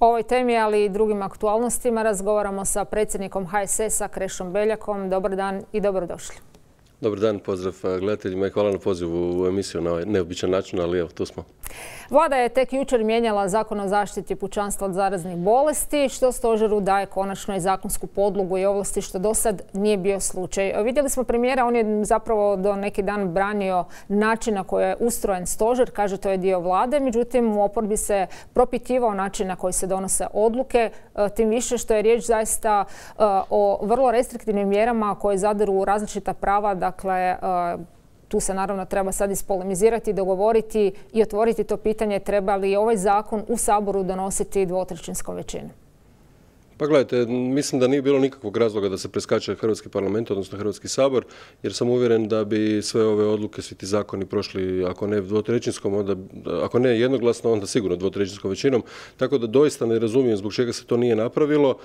O ovoj temi, ali i drugim aktualnostima razgovaramo sa predsjednikom HSS-a Krešom Beljakom. Dobar dan i dobrodošli. Dobar dan, pozdrav gledateljima i hvala na pozivu u emisiju na ovaj neobičan način, ali evo, tu smo. Vlada je tek jučer mijenjala zakon o zaštiti pučanstva od zaraznih bolesti, što stožeru daje konačno i zakonsku podlogu i ovlasti, što do sad nije bio slučaj. Vidjeli smo premijera, on je zapravo do neki dan branio način na koji je ustrojen stožer, kaže to je dio vlade, međutim u oporbi se propitivao način na koji se donose odluke, e, tim više što je riječ zaista e, o vrlo restriktivnim mjerama koje zadaru različita prava, da Dakle, e, tu se naravno treba sad ispolemizirati, dogovoriti i otvoriti to pitanje treba li ovaj zakon u Saboru donositi dvotrećinskom većinom. Pa gledajte, mislim da nije bilo nikakvog razloga da se preskače Hrvatski parlament, odnosno Hrvatski sabor, jer sam uvjeren da bi sve ove odluke, svi ti zakoni prošli, ako ne dvotrećinskom, onda, ako ne jednoglasno, onda sigurno dvotrećinskom većinom. Tako da doista ne razumijem zbog čega se to nije napravilo.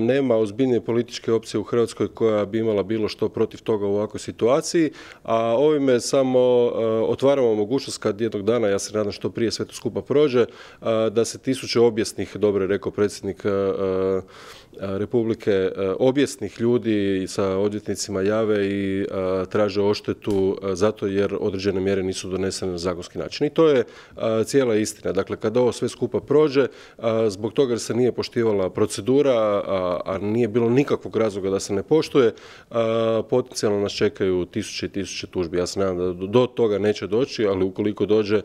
nema ozbiljnije političke opcije u Hrvatskoj koja bi imala bilo što protiv toga u ovakvoj situaciji, a ovime samo otvaramo mogućnost kad jednog dana, ja se nadam što prije sve to skupa prođe, da se tisuće objasnih, dobro je rekao predsjednik Merci. Euh, Republike objesnih ljudi sa odvjetnicima jave i traže oštetu zato jer određene mjere nisu donesene na zakonski način. I to je cijela istina. Dakle, kada ovo sve skupa prođe, zbog toga se nije poštivala procedura, a nije bilo nikakvog razloga da se ne poštuje, potencijalno nas čekaju tisuće i tisuće tužbi. Ja se nadam da do toga neće doći, ali ukoliko dođe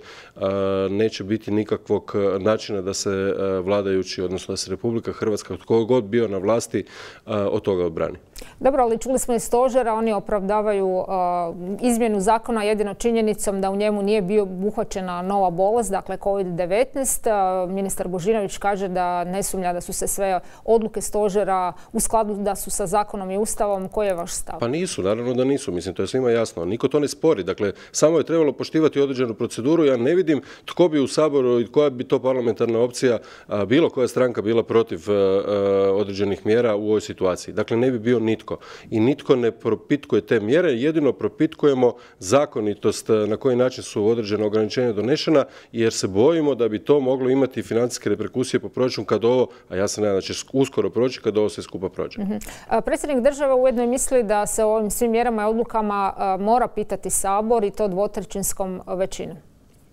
neće biti nikakvog načina da se vladajući, odnosno da se Republika Hrvatska, tko god bio bio na vlasti od toga odbrani. Dobro, ali čuli smo i stožera, oni opravdavaju uh, izmjenu zakona jedino činjenicom da u njemu nije bio buhvaćena nova bolest, dakle COVID-19. Uh, ministar Božinović kaže da ne sumnja da su se sve odluke stožera u skladu da su sa zakonom i ustavom. Koji je vaš stav? Pa nisu, naravno da nisu. Mislim, to je svima jasno. Niko to ne spori. Dakle, samo je trebalo poštivati određenu proceduru. Ja ne vidim tko bi u Saboru i koja bi to parlamentarna opcija, bilo koja stranka bila protiv određenih mjera u ovoj situaciji. Dakle, ne bi bio ni nitko. I nitko ne propitkuje te mjere, jedino propitkujemo zakonitost eh, na koji način su određena ograničenja donešena jer se bojimo da bi to moglo imati financijske reperkusije po proračun kad ovo, a ja se nadam da će uskoro proći, kad ovo sve skupa prođe. Mhm. Predsjednik država ujedno misli da se o ovim svim mjerama i odlukama eh, mora pitati Sabor i to dvotrećinskom eh, većinom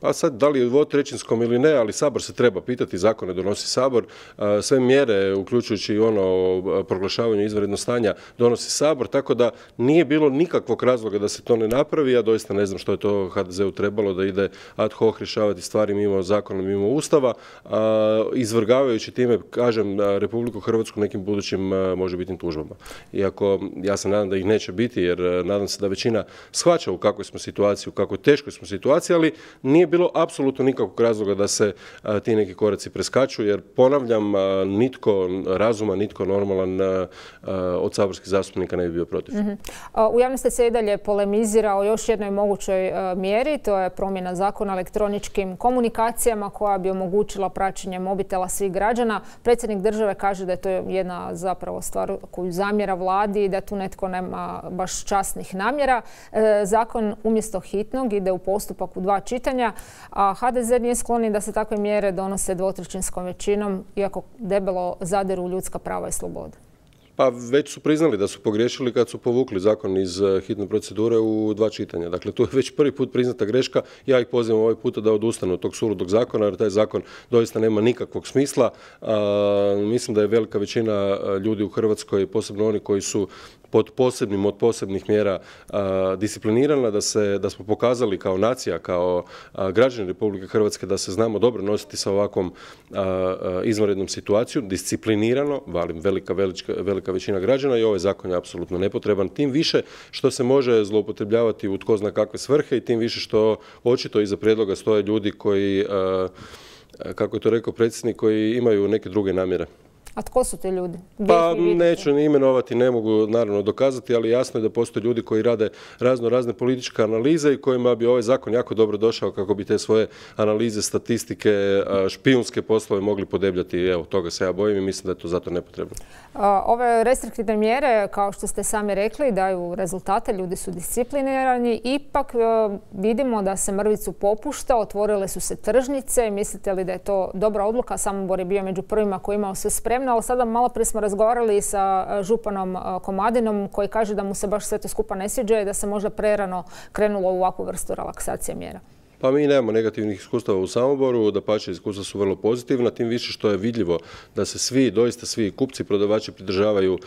pa sad da li je dvotrećinskom ili ne, ali Sabor se treba pitati, zakone donosi Sabor, sve mjere, uključujući i ono proglašavanje proglašavanju izvanrednog stanja, donosi Sabor, tako da nije bilo nikakvog razloga da se to ne napravi, ja doista ne znam što je to HDZ-u trebalo da ide ad hoc rješavati stvari mimo zakona, mimo Ustava, izvrgavajući time, kažem, Republiku Hrvatsku nekim budućim možebitnim tužbama. Iako ja se nadam da ih neće biti, jer nadam se da većina shvaća u kakvoj smo situaciji, u kakvoj teškoj smo situaciji, ali nije bilo apsolutno nikakvog razloga da se ti neki koraci preskaču, jer ponavljam, nitko razuma, nitko normalan od saborskih zastupnika ne bi bio protiv. Mhm. U javnosti se i dalje polemizira o još jednoj mogućoj mjeri, to je promjena zakona o elektroničkim komunikacijama koja bi omogućila praćenje mobitela svih građana. Predsjednik države kaže da je to jedna zapravo stvar koju zamjera vladi i da tu netko nema baš časnih namjera. E, zakon umjesto hitnog ide u postupak u dva čitanja a HDZ nije skloni da se takve mjere donose dvotrećinskom većinom, iako debelo zaderu ljudska prava i sloboda. Pa već su priznali da su pogriješili kad su povukli zakon iz eh, hitne procedure u dva čitanja. Dakle, tu je već prvi put priznata greška. Ja ih pozivam ovaj puta da odustanu od tog suludog zakona, jer taj zakon doista nema nikakvog smisla. mislim da je velika većina eh, ljudi u Hrvatskoj, posebno oni koji su pod posebnim od posebnih mjera disciplinirana, da, se, smo pokazali kao nacija, kao građani Republike Hrvatske da se znamo dobro nositi sa ovakvom izvanrednom situacijom, disciplinirano, valim velika, velika većina građana i ovaj zakon je apsolutno nepotreban. Tim više što se može zloupotrebljavati u tko zna kakve svrhe i tim više što očito iza predloga stoje ljudi koji, eh, eh, kako je to rekao predsjednik, koji imaju neke druge namjere. A tko su ti ljudi? Pa neću ni imenovati, ne mogu naravno dokazati, ali jasno je da postoje ljudi koji rade razno razne političke analize i kojima bi ovaj zakon jako dobro došao kako bi te svoje analize, statistike, špijunske poslove mogli podebljati. Evo, toga se ja bojim i mislim da je to zato nepotrebno. Ove restriktivne mjere, kao što ste sami rekli, daju rezultate, ljudi su disciplinirani, ipak e, vidimo da se mrvicu popušta, otvorile su se tržnice, mislite li da je to dobra odluka, Samobor je bio među prvima koji imao sve spremno ali sada malo prije smo razgovarali sa e, županom e, Komadinom koji kaže da mu se baš sve to skupa ne sviđa i da se možda prerano krenulo u ovakvu vrstu relaksacije mjera. Pa mi nemamo negativnih iskustava u Samoboru, da pače iskustva su vrlo pozitivna, tim više što je vidljivo da se svi, doista svi kupci, prodavači pridržavaju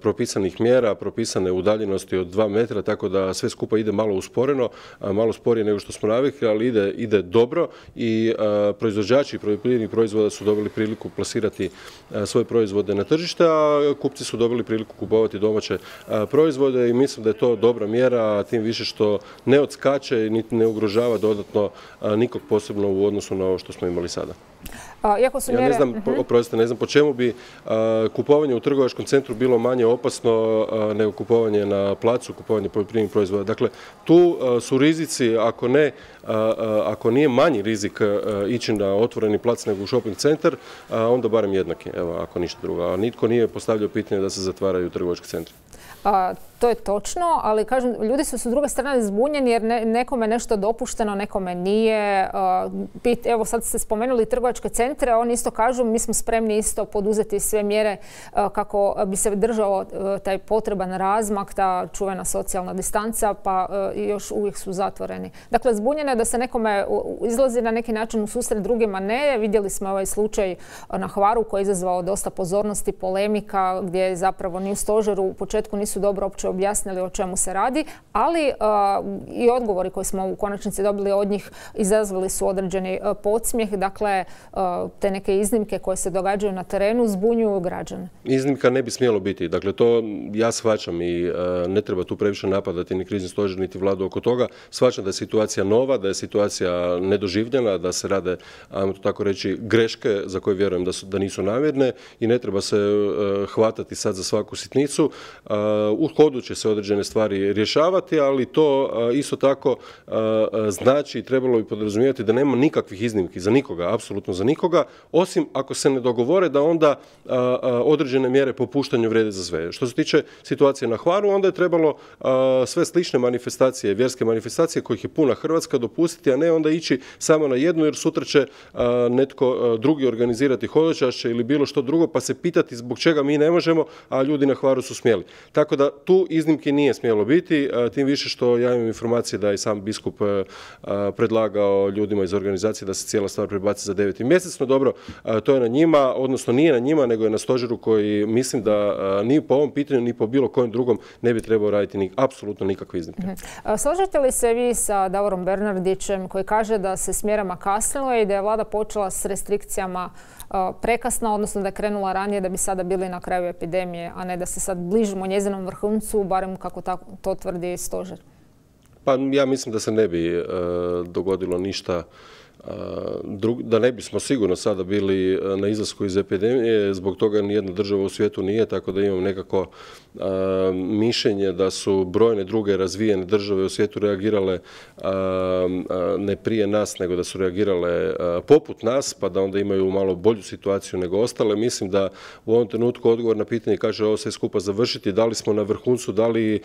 propisanih mjera, propisane udaljenosti od dva metra, tako da sve skupa ide malo usporeno, malo sporije nego što smo navikli, ali ide, ide dobro i proizvođači proizvođači poljoprivrednih proizvoda su dobili priliku plasirati svoje proizvode na tržište, a kupci su dobili priliku kupovati domaće proizvode i mislim da je to dobra mjera, tim više što ne odskače niti ne ugrožava dodatno dodatno nikog posebno u odnosu na ovo što smo imali sada. Ja ne znam, mhm. ne znam po čemu bi kupovanje u trgovačkom centru bilo manje opasno nego kupovanje na placu, kupovanje poljoprivrednih proizvoda. Dakle, tu su rizici, ako ne, ako nije manji rizik ići na otvoreni plac nego u shopping centar, onda barem jednaki, evo, ako ništa drugo. A nitko nije postavljao pitanje da se zatvaraju trgovački centri to je točno, ali kažem, ljudi su s druge strane zbunjeni jer ne, nekome nešto dopušteno, nekome nije. evo sad ste spomenuli trgovačke centre, oni isto kažu mi smo spremni isto poduzeti sve mjere kako bi se držao taj potreban razmak, ta čuvena socijalna distanca, pa još uvijek su zatvoreni. Dakle, zbunjeno je da se nekome izlazi na neki način u susret drugima ne. Vidjeli smo ovaj slučaj na Hvaru koji je izazvao dosta pozornosti, polemika, gdje zapravo ni u stožeru u početku nisu dobro opće objasnili o čemu se radi, ali e, i odgovori koje smo u konačnici dobili od njih izazvali su određeni e, podsmijeh. Dakle, e, te neke iznimke koje se događaju na terenu zbunjuju građane. Iznimka ne bi smjelo biti. Dakle, to ja shvaćam i ne treba tu previše napadati ni krizni stožer, niti vladu oko toga. Shvaćam da je situacija nova, da je situacija nedoživljena, da se rade, ajmo to tako reći, greške za koje vjerujem da, su, da nisu namjerne i ne treba se hvatati sad za svaku sitnicu. U hodu će se određene stvari rješavati, ali to e, isto tako e, e, znači i trebalo bi podrazumijevati da nema nikakvih iznimki za nikoga, apsolutno za nikoga, osim ako se ne dogovore da onda određene mjere popuštanju vrede za sve. Što se tiče situacije na Hvaru, onda je trebalo sve slične manifestacije, vjerske manifestacije kojih je puna Hrvatska dopustiti, a ne onda ići samo na jednu jer sutra će netko drugi organizirati hodočašće ili bilo što drugo pa se pitati zbog čega mi ne možemo, a ljudi na Hvaru su smjeli. Tako da tu iznimke nije smjelo biti, tim više što ja imam informacije da je sam biskup predlagao ljudima iz organizacije da se cijela stvar prebaci za deveti mjesec. No dobro, to je na njima, odnosno nije na njima, nego je na stožeru koji mislim da ni po ovom pitanju, ni po bilo kojem drugom ne bi trebao raditi apsolutno nikakve iznimke. Mhm. Slažete li se vi sa Davorom Bernardićem koji kaže da se smjerama kasnilo i da je vlada počela s restrikcijama prekasno, odnosno da je krenula ranije da bi sada bili na kraju epidemije, a ne da se sad bližimo njezinom vrhuncu barem kako to tvrdi stožer? Pa ja mislim da se ne bi e, dogodilo ništa e, da ne bismo sigurno sada bili e, na izlasku iz epidemije, zbog toga nijedna država u svijetu nije, tako da imam nekako Ehm, mišljenje da su brojne druge razvijene države u svijetu reagirale ehm, e, ne prije nas, nego da su reagirale e, poput nas, pa da onda imaju malo bolju situaciju nego ostale. Mislim da u ovom trenutku odgovor na pitanje kaže ovo sve skupa završiti, da li smo na vrhuncu, da li e,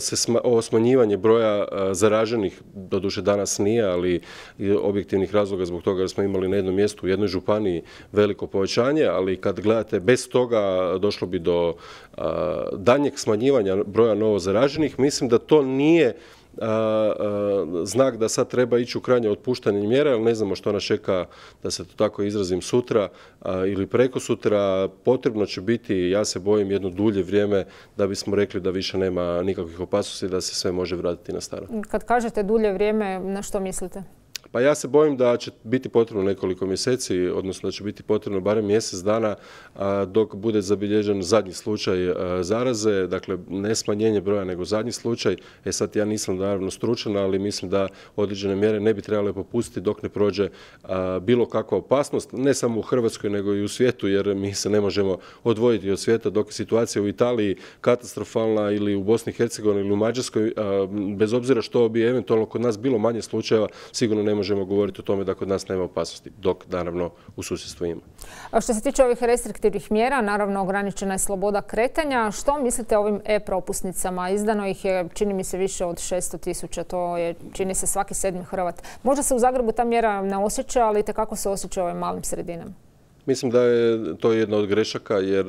se ovo smanjivanje broja zaraženih, doduše danas nije, ali objektivnih razloga zbog toga jer smo imali na jednom mjestu u jednoj županiji veliko povećanje, ali kad gledate bez toga došlo bi do danjeg smanjivanja broja novo zaraženih, mislim da to nije znak da sad treba ići u krajnje otpuštanje mjera, ali ne znamo što nas čeka, da se to tako izrazim, sutra ili preko sutra. Potrebno će biti, ja se bojim, jedno dulje vrijeme da bismo rekli da više nema nikakvih opasnosti, da se sve može vratiti na staro. Kad kažete dulje vrijeme, na što mislite? Pa ja se bojim da će biti potrebno nekoliko mjeseci, odnosno da će biti potrebno barem mjesec dana dok bude zabilježen zadnji slučaj e, zaraze, dakle ne smanjenje broja nego zadnji slučaj. E sad ja nisam naravno stručan, ali mislim da određene mjere ne bi trebale popustiti dok ne prođe bilo kakva opasnost, ne samo u Hrvatskoj nego i u svijetu jer mi se ne možemo odvojiti od svijeta dok je situacija u Italiji katastrofalna ili u Bosni i Hercegovini ili u Mađarskoj, bez obzira što bi eventualno kod nas bilo manje slučajeva, sigurno ne možemo govoriti o tome da kod nas nema opasnosti, dok naravno u susjedstvu ima. A što se tiče ovih restriktivnih mjera, naravno ograničena je sloboda kretanja. Što mislite o ovim e-propusnicama? Izdano ih je, čini mi se, više od 600 tisuća. To je, čini se, svaki sedmi Hrvat. Možda se u Zagrebu ta mjera ne osjeća, ali tekako se osjeća ovim malim sredinama. Mislim da je to jedna od grešaka jer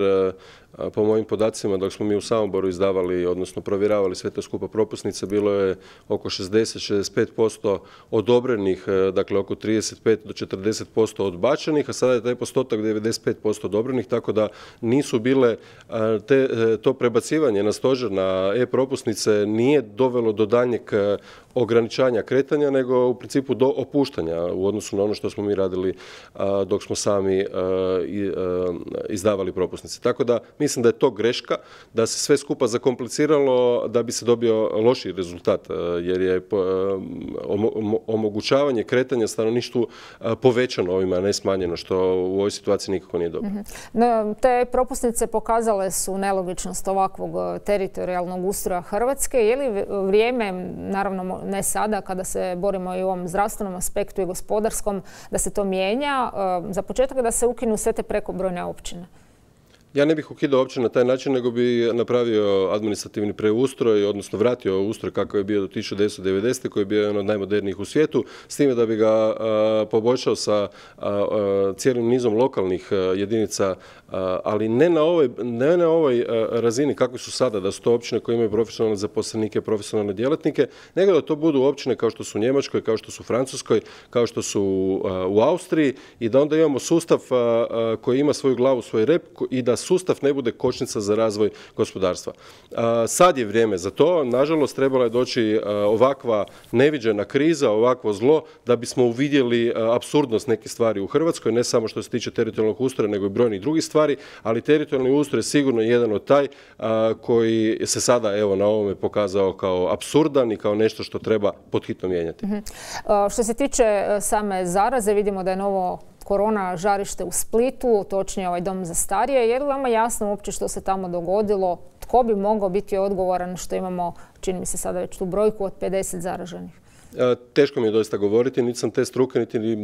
po mojim podacima, dok smo mi u Samoboru izdavali, odnosno provjeravali sve te skupa propusnice, bilo je oko 60-65% odobrenih, e, dakle oko 35 do 40% odbačenih, a sada je taj postotak 95% odobrenih, tako da nisu bile e, e, to prebacivanje na stožer, na e-propusnice nije dovelo do daljnjeg ograničanja kretanja, nego u principu do opuštanja u odnosu na ono što smo mi radili dok smo sami izdavali propusnice. Tako da mi Mislim da je to greška, da se sve skupa zakompliciralo da bi se dobio loši rezultat, e, jer je e, omogućavanje kretanja stanovništvu e, povećano ovima, a ne smanjeno, što u ovoj situaciji nikako nije dobro. Mhm. Te propusnice pokazale su nelogičnost ovakvog teritorijalnog ustroja Hrvatske. Je li vrijeme, naravno ne sada, kada se borimo i u ovom zdravstvenom aspektu i gospodarskom, da se to mijenja? Za početak da se ukinu sve te prekobrojne općine. Ja ne bih ukidao uopće na taj način, nego bi napravio administrativni preustroj, odnosno vratio ustroj kakav je bio do 1990. koji je bio jedan od najmodernijih u svijetu, s time da bi ga poboljšao sa cijelim nizom lokalnih jedinica, ali ne na ovoj, ne na ovoj razini kako su sada, da su to općine koje imaju profesionalne zaposlenike, profesionalne djelatnike, nego da to budu općine kao što su u Njemačkoj, kao što su u Francuskoj, kao što su u Austriji i da onda imamo sustav koji ima svoju glavu, svoj rep i da sustav ne bude kočnica za razvoj gospodarstva. Sad je vrijeme za to, nažalost trebala je doći e, ovakva neviđena kriza, ovakvo zlo, da bismo uvidjeli e, absurdnost nekih stvari u Hrvatskoj, ne samo što se tiče teritorijalnog ustroja, nego i brojnih drugih stvari, ali teritorijalni ustroj je sigurno jedan od taj e, koji se sada evo na ovome pokazao kao absurdan i kao nešto što treba pothitno mijenjati. Mhm. Što se tiče same zaraze, vidimo da je novo korona žarište u Splitu, točnije ovaj dom za starije. Je li vama jasno uopće što se tamo dogodilo? Tko bi mogao biti odgovoran što imamo, čini mi se sada već tu brojku, od 50 zaraženih? E, teško mi je doista govoriti, niti sam te struke, niti e,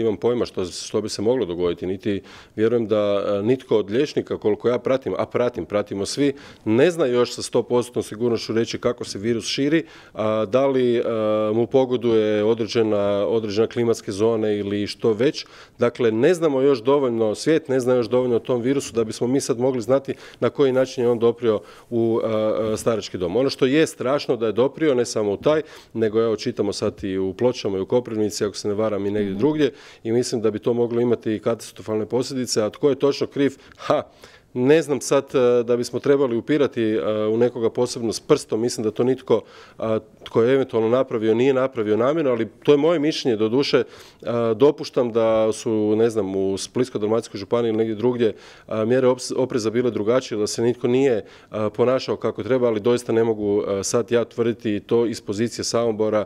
imam pojma što, bi se moglo dogoditi, niti vjerujem da e, nitko od liječnika, koliko ja pratim, a pratim, pratimo svi, ne zna još sa 100% sigurnošću reći kako se virus širi, a, da li mu pogoduje određena, klimatske zone ili što već. Dakle, ne znamo još dovoljno, svijet ne zna još dovoljno o tom virusu da bismo mi sad mogli znati na koji način je on doprio u starački dom. Ono što je strašno da je doprio, ne samo u taj, nego evo čitamo sad i u Pločama i u Koprivnici, ako se ne varam i negdje mhm. drugdje i mislim da bi to moglo imati katastrofalne posljedice, a tko je točno kriv? Ha, ne znam sad e, da bismo trebali upirati e, u nekoga posebno s prstom, mislim da to nitko e, tko je eventualno napravio nije napravio namjerno, ali to je moje mišljenje, doduše dopuštam da su, ne znam, u Splitsko-dalmatinskoj županiji ili negdje drugdje mjere opreza bile drugačije, da se nitko nije ponašao kako treba, ali doista ne mogu sad ja tvrditi to iz pozicije Samobora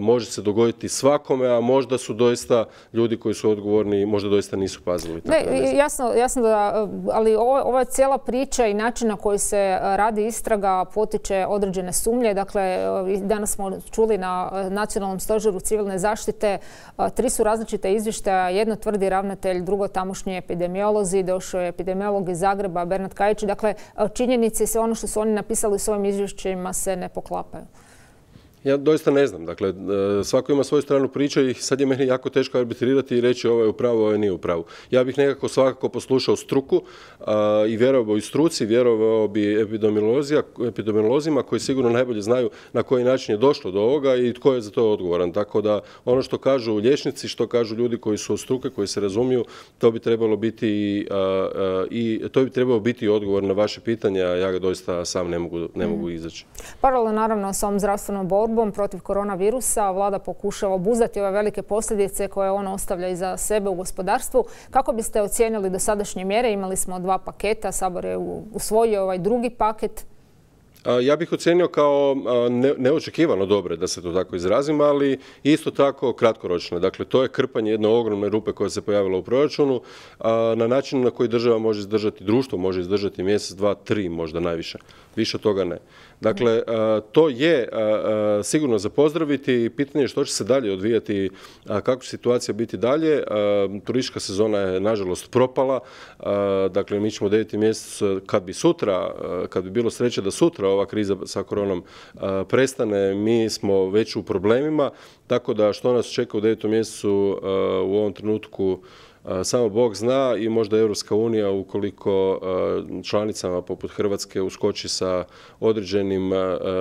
može se dogoditi svakome, a možda su doista ljudi koji su odgovorni, možda doista nisu pazili. Ne, jasno, jasno da, ali ovo ova cijela priča i način na koji se e, radi istraga potiče određene sumlje. Dakle, e, danas smo čuli na e, Nacionalnom stožeru civilne zaštite tri su različite izvještaja. Jedno tvrdi ravnatelj, drugo tamošnji epidemiolozi, došao je epidemiolog iz Zagreba, Bernard Kajić. Dakle, činjenice i sve ono što su oni napisali u svojim izvješćima se ne poklapaju. Ja doista ne znam, dakle, e, svako ima svoju stranu priče i sad je meni jako teško arbitrirati i reći ovo je u pravu, ovo je nije u pravu. Ja bih nekako svakako poslušao struku e, i vjerovao i struci, vjerovao bi epidemiolozima koji sigurno najbolje znaju na koji način je došlo do ovoga i tko je za to odgovoran. Tako da ono što kažu lješnici, što kažu ljudi koji su od struke, koji se razumiju, to bi trebalo biti e, i to bi trebao biti odgovor na vaše pitanje, a ja ga doista sam ne mogu, ne mogu mhm. izaći. Paralelno naravno s ovom borbom protiv koronavirusa vlada pokušava obuzati ove velike posljedice koje on ostavlja iza sebe u gospodarstvu. Kako biste ocijenili dosadašnje mjere? Imali smo dva paketa, Sabor je usvojio ovaj drugi paket. Ja bih ocenio kao neočekivano dobre, da se to tako izrazim, ali isto tako kratkoročno. Dakle, to je krpanje jedne ogromne rupe koja se pojavila u proračunu na način na koji država može izdržati, društvo može izdržati mjesec, dva, tri možda najviše. Više toga ne. Dakle, e, to je e, e, sigurno za pozdraviti i pitanje je što će se dalje odvijati, kako će situacija biti dalje. Turistička sezona je nažalost propala, dakle mi ćemo u mjesec kad bi sutra, kad bi bilo sreće da sutra ova kriza sa koronom prestane, mi smo već u problemima, tako da što nas čeka u devetom mjesecu u ovom trenutku samo Bog zna i možda Europska unija ukoliko članicama poput Hrvatske uskoči sa određenim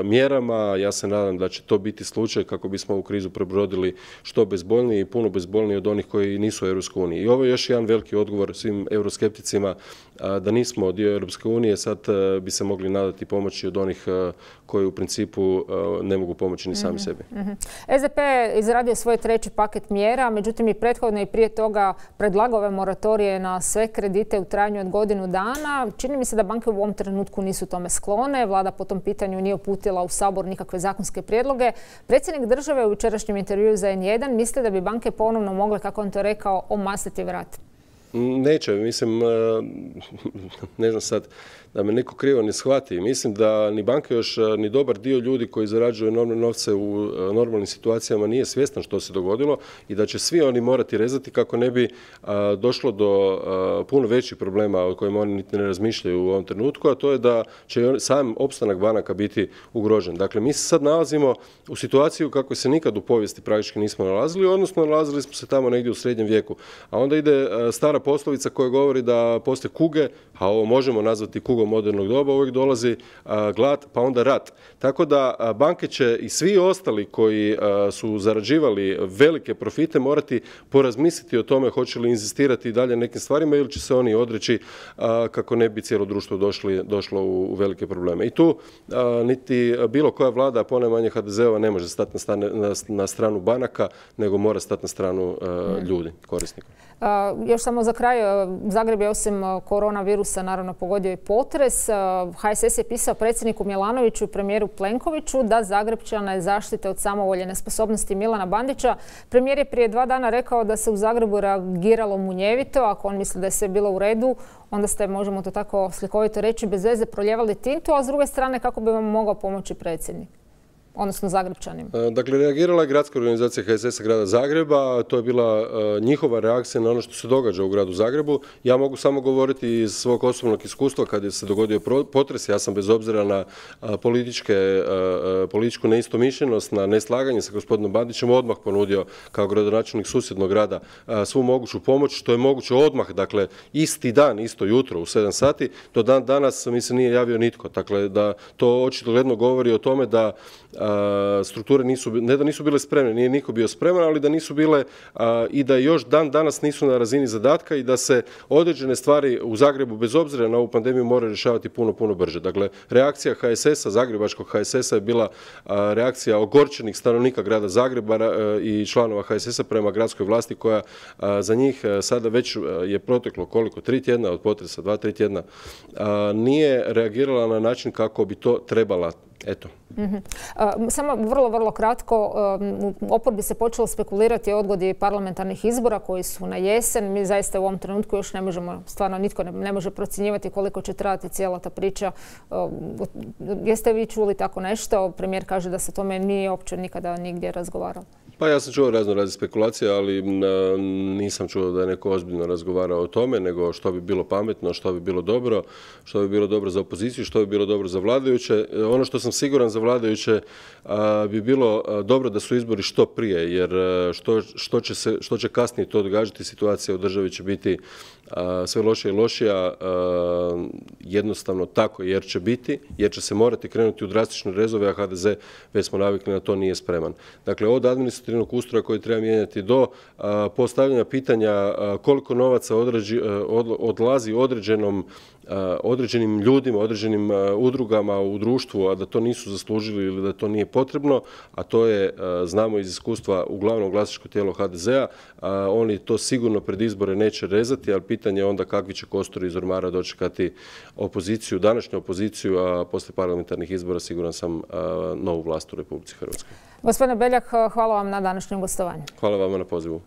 mjerama. Ja se nadam da će to biti slučaj kako bismo ovu krizu prebrodili što bezbolnije i puno bezbolniji od onih koji nisu u EU. I ovo je još jedan veliki odgovor svim euroskepticima da nismo dio Europske unije, sad e, bi se mogli nadati pomoći od onih e, koji u principu e, ne mogu pomoći ni sami mhm, sebi. SDP mhm. je izradio svoj treći paket mjera, međutim i prethodno i prije toga predlagove moratorije na sve kredite u trajanju od godinu dana. Čini mi se da banke u ovom trenutku nisu tome sklone. Vlada po tom pitanju nije uputila u sabor nikakve zakonske prijedloge. Predsjednik države u jučerašnjem intervju za N1 misli da bi banke ponovno mogle, kako on to rekao, omastiti vrat. Neće, mislim, e, ne znam sad, da me neko krivo ne shvati. Mislim da ni banke još, eh, ni dobar dio ljudi koji zarađuju enormne novce u eh, normalnim situacijama nije svjestan što se dogodilo i da će svi oni morati rezati kako ne bi eh, došlo do puno većih problema o kojima oni niti ne razmišljaju u ovom trenutku, a to je da će sam opstanak banaka biti ugrožen. Dakle, mi se sad nalazimo u situaciju kako se nikad u povijesti praktički nismo nalazili, odnosno nalazili smo se tamo negdje u srednjem vijeku. A onda ide stara poslovica koja govori da postoje kuge, a ovo možemo nazvati kug, modernog doba uvijek dolazi glad pa onda rat. Tako da banke će i svi ostali koji su zarađivali velike profite morati porazmisliti o tome hoće li inzistirati i dalje nekim stvarima ili će se oni odreći kako ne bi cijelo društvo došlo u velike probleme. I tu niti bilo koja vlada, a ponajmanje HDZ-ova ne može stati na, stranu banaka, nego mora stati na stranu ljudi, korisnika. Još samo za kraj, Zagreb je osim koronavirusa naravno pogodio i potres. HSS je pisao predsjedniku Milanoviću i premijeru Plenkoviću da je zaštite od samovolje nesposobnosti Milana Bandića. Premijer je prije dva dana rekao da se u Zagrebu reagiralo munjevito. Ako on misli da je sve bilo u redu, onda ste, možemo to tako slikovito reći, bez veze proljevali tintu, a s druge strane kako bi vam mogao pomoći predsjednik? odnosno Zagrebčanima? E, dakle, reagirala je gradska organizacija HSS-a grada Zagreba, to je bila e, njihova reakcija na ono što se događa u gradu Zagrebu. Ja mogu samo govoriti iz svog osobnog iskustva kad je se dogodio potres, ja sam bez obzira na e, političku neistomišljenost, na neslaganje sa gospodinom Bandićem, odmah ponudio kao gradonačelnik susjednog grada svu moguću pomoć, što je moguće odmah, dakle, isti dan, isto jutro u 7 sati, do dan danas mi se nije javio nitko. Dakle, da to očito govori o tome da strukture nisu, ne da nisu bile spremne, nije niko bio spreman, ali da nisu bile i da još dan danas nisu na razini zadatka i da se određene stvari u Zagrebu, bez obzira na ovu pandemiju, moraju rješavati puno, puno brže. Dakle, reakcija HSS-a, Zagrebačkog HSS-a je bila reakcija ogorčenih stanovnika grada Zagreba e, i članova HSS-a prema gradskoj vlasti koja za njih e, sada već e, je proteklo koliko, tri tjedna od potresa, dva, tri tjedna, nije reagirala na način kako bi to trebala Eto. Mhm. samo vrlo, vrlo kratko, opor bi se počelo spekulirati o odgodi parlamentarnih izbora koji su na jesen. Mi zaista u ovom trenutku još ne možemo, stvarno nitko ne, može procjenjivati koliko će trajati cijela ta priča. jeste vi čuli tako nešto? Premijer kaže da se tome nije uopće nikada nigdje razgovaralo. Pa ja sam čuo razno razne spekulacije, ali nisam čuo da je neko ozbiljno razgovarao o tome, nego što bi bilo pametno, što bi bilo dobro, što bi bilo dobro za opoziciju, što bi bilo dobro za vladajuće. E, ono što sam siguran za vladajuće bi bilo dobro da su izbori što prije, jer e, što, će, što će kasnije to odgađati, situacija u državi će biti sve lošija i lošija jednostavno tako jer će biti, jer će se morati krenuti u drastične rezove, a HDZ već smo navikli na to nije spreman. Dakle, od administrativnog ustroja koji treba mijenjati do postavljanja pitanja koliko novaca odlazi određenom E, određenim ljudima, određenim e, udrugama u društvu, a da to nisu zaslužili ili da to nije potrebno, a to je, e, znamo iz iskustva, uglavnom glasičko tijelo HDZ-a, oni to sigurno pred izbore neće rezati, ali pitanje je onda kakvi će kostori iz ormara dočekati opoziciju, današnju opoziciju, a posle parlamentarnih izbora siguran sam novu vlast u Republici Hrvatskoj. Gospodine Beljak, hvala vam na današnjem gostovanju. Hvala vama na pozivu.